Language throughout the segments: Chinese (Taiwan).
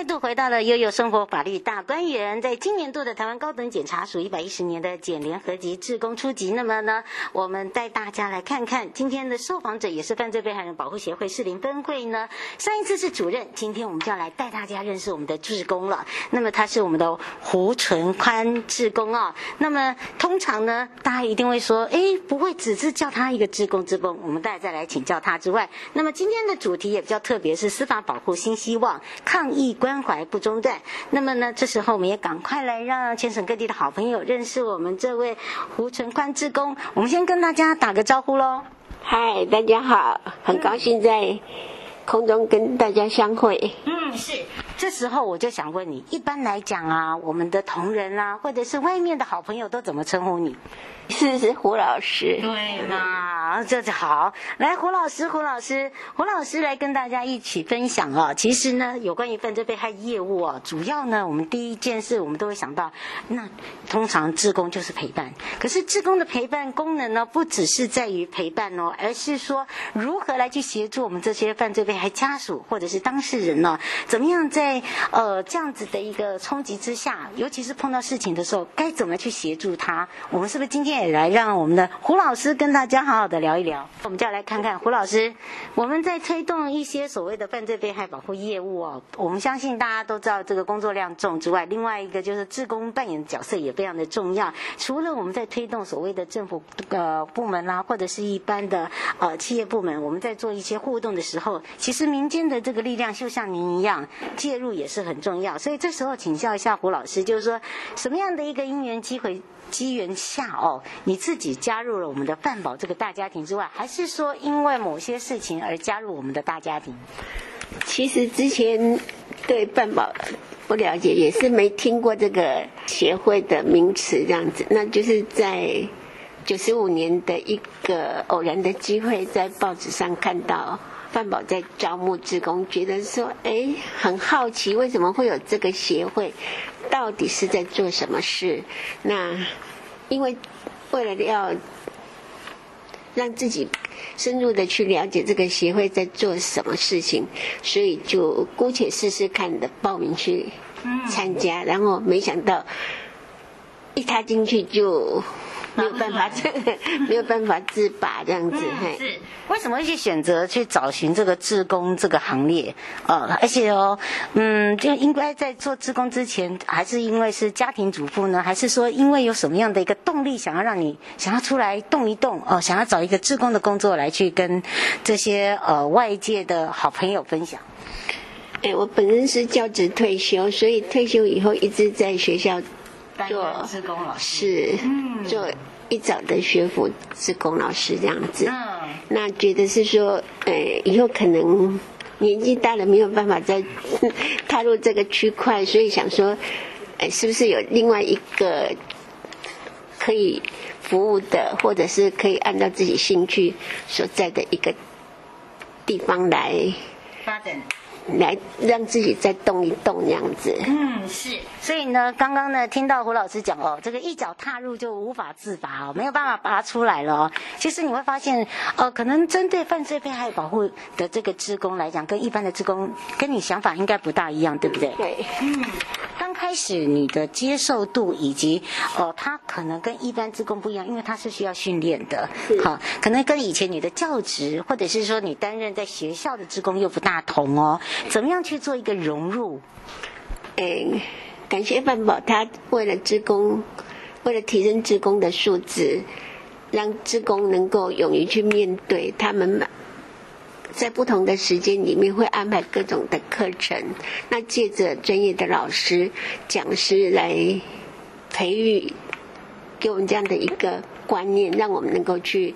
再度回到了悠悠生活法律大觀園，在今年度的台灣高等檢察署一百一十年的檢廉合擊，志工出笈。那麼呢，我們帶大家來看看今天的受訪者，也是犯罪被害人保護協會士林分會呢。上一次是主任，今天我們就要來帶大家認識我們的志工了。那麼他是我們的胡純寬志工啊、哦。那麼通常呢，大家一定會說，哎，不會只是叫他一個志工志工。我們大家再來請教他之外，那麼今天的主題也比較特別，是司法保護馨希望，抗疫關懷不中斷。那麼呢，這時候我們也趕快來讓全省各地的好朋友認識我們這位胡純寬志工，我們先跟大家打個招呼嘍。嗨，大家好，很高興在空中跟大家相會。嗯，是。這時候我就想問你，一般來講啊，我們的同仁啊，或者是外面的好朋友，都怎麼稱呼你？是是，胡老師，對，對，那這就好。來，胡老師，胡老師，胡老師來跟大家一起分享哦。其實呢，有關於犯罪被害業務哦，主要呢，我們第一件事我們都會想到，那通常志工就是陪伴。可是志工的陪伴功能呢，不只是在於陪伴哦，而是說如何來去協助我們這些犯罪被害家屬或者是當事人呢，哦？怎麼樣在呃這樣子的一個衝擊之下，尤其是碰到事情的時候，該怎麼去協助他？我們是不是今天？也來讓我們的胡老師跟大家好好的聊一聊。我們就要來看看胡老師。我們在推動一些所謂的犯罪被害保護業務哦，我們相信大家都知道這個工作量重之外，另外一個就是志工扮演角色也非常的重要。除了我們在推動所謂的政府呃部門啦、啊，或者是一般的呃企業部門，我們在做一些互動的時候，其實民間的這個力量就像您一樣介入也是很重要。所以這時候請教一下胡老師，就是說什麼樣的一個因緣機會機緣下哦？你自己加入了我們的犯保這個大家庭之外，還是說因為某些事情而加入我們的大家庭？其實之前對犯保不了解，也是沒聽過這個協會的名詞這樣子。那就是在九十五年的一個偶然的機會，在報紙上看到犯保在招募志工，覺得說，哎，很好奇，為什麼會有這個協會？到底是在做什麼事？那。因為為了要讓自己深入的去了解這個協會在做什麼事情，所以就姑且試試看的報名去參加，然後沒想到一踏進去就。沒有辦法自沒有辦法自拔這樣子， 嗯、是為什麼會去選擇去找尋這個志工這個行列？呃而且哦，嗯，就應該在做志工之前，還是因為是家庭主婦呢？還是說因為有什麼樣的一個動力，想要讓你想要出來動一動？哦、呃，想要找一個志工的工作來去跟這些呃外界的好朋友分享？對、欸、我本人是教職退休，所以退休以後一直在學校。做是，做一早的學府志工老師，這樣子，那覺得是說，哎、欸，以後可能年紀大了沒有辦法再踏入這個區塊，所以想說，哎、欸，是不是有另外一個可以服務的，或者是可以按照自己興趣所在的一個地方來發展。來讓自己再動一動這樣子，嗯是。所以呢，剛剛呢聽到胡老師講哦，這個一腳踏入就無法自拔哦，沒有辦法拔出來了哦。其實你會發現哦，可能針對犯罪被害保護的這個志工來講，跟一般的志工跟你想法應該不大一樣，對不對？對。嗯開始你的接受度以及哦，他可能跟一般志工不一樣，因為他是需要訓練的，好是、哦，可能跟以前你的教職或者是說你擔任在學校的志工又不大同哦，怎麼樣去做一個融入？誒、哎，感謝範寶，他為了志工，為了提升志工的素質，讓志工能夠勇於去面對他們。在不同的時間裡面，會安排各種的課程。那借着專業的老師、講師來培育，給我們這樣的一個觀念，讓我們能夠去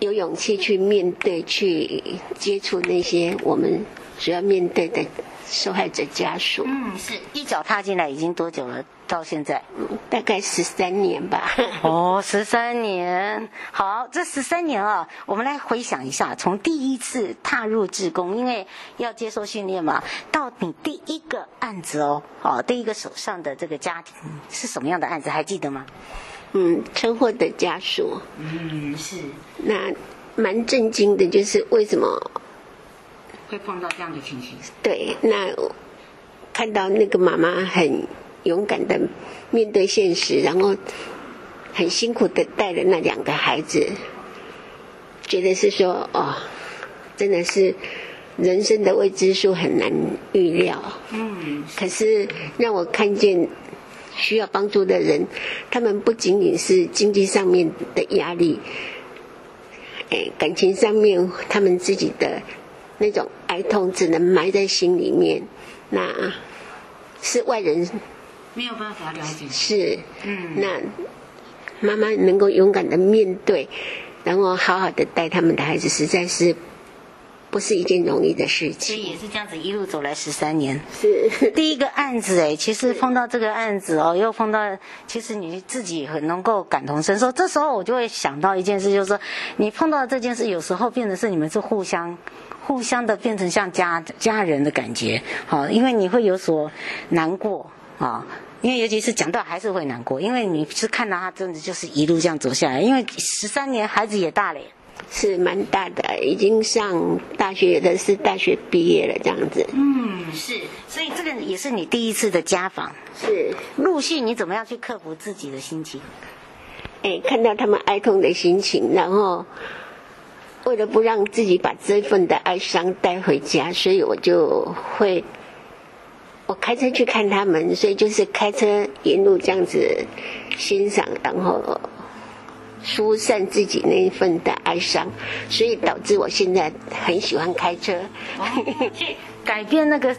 有勇氣去面對、去接觸那些我們。主要面對的受害者家屬。嗯，是一腳踏進來已經多久了？到現在、嗯、大概十三年吧。哦，十三年。好，這十三年啊、哦，我們來回想一下，從第一次踏入志工，因為要接受訓練嘛，到你第一個案子哦，哦，第一個手上的這個家庭是什麼樣的案子？還記得嗎？嗯，車禍的家屬。嗯，是。那蠻震驚的，就是為什麼？會碰到這樣的情形，對，那看到那個媽媽很勇敢的面對現實，然後很辛苦的帶着那兩個孩子，覺得是說哦，真的是人生的未知數很難預料。嗯，可是讓我看見需要幫助的人，他們不僅僅是經濟上面的壓力，哎，感情上面他們自己的。那種哀痛只能埋在心裡面，那是外人沒有辦法了解。是，嗯，那媽媽能夠勇敢的面對，然後好好的帶他們的孩子，實在是。不是一件容易的事情，所以也是這樣子一路走來十三年。是第一個案子哎、欸，其實碰到這個案子是哦，又碰到，其實你自己很能夠感同身受。這時候我就會想到一件事，就是說，你碰到這件事，有時候變成是你們是互相互相的變成像家家人的感覺，好、哦，因為你會有所難過啊、哦，因為尤其是講到還是會難過，因為你是看到他真的就是一路這樣走下來，因為十三年孩子也大了耶。是蠻大的，已經上大學的，是大學畢業了，這樣子。嗯，是。所以這個也是你第一次的家訪。是。陸續，你怎麼樣去克服自己的心情？哎，看到他們哀痛的心情，然後，為了不讓自己把這份的哀傷帶回家，所以我就會，我開車去看他們，所以就是開車沿路這樣子欣賞，然後。疏散自己那一份的哀傷，所以導致我現在很喜歡開車。去 改變那個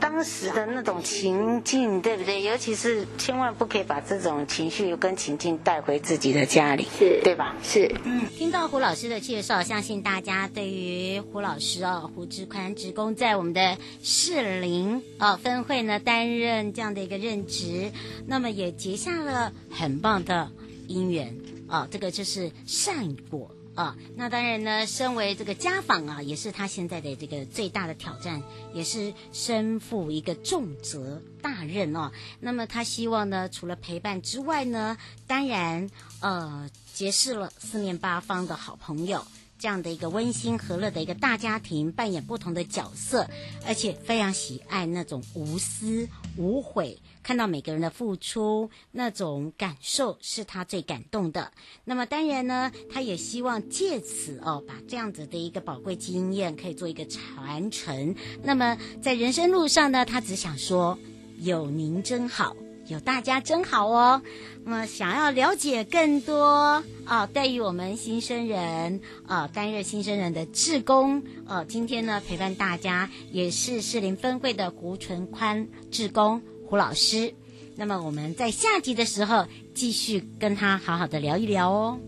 當時的那種情境，對不對？尤其是千萬不可以把這種情緒跟情境帶回自己的家裡，是，對吧？是。嗯，聽到胡老師的介紹，相信大家對於胡老師啊、哦，胡純寬，志工在我們的士林啊分會呢擔任這樣的一個任職，那麼也結下了很棒的姻緣。哦，這個就是善果啊，哦。那當然呢，身為這個家訪啊，也是他現在的這個最大的挑戰，也是身負一個重責大任哦。那麼他希望呢，除了陪伴之外呢，當然，呃，結識了四面八方的好朋友。這樣的一個溫馨和樂的一個大家庭，扮演不同的角色，而且非常喜愛那種無私無悔，看到每個人的付出，那種感受是他最感動的。那麼當然呢，他也希望借此哦，把這樣子的一個寶貴經驗可以做一個傳承。那麼在人生路上呢，他只想說：有您真好。有大家真好哦。那麼，想要了解更多啊、呃，對於我們新生人啊，擔、呃、任新生人的志工，呃，今天呢陪伴大家也是士林分會的胡純寬志工胡老師。那麼我們在下集的時候繼續跟他好好的聊一聊哦。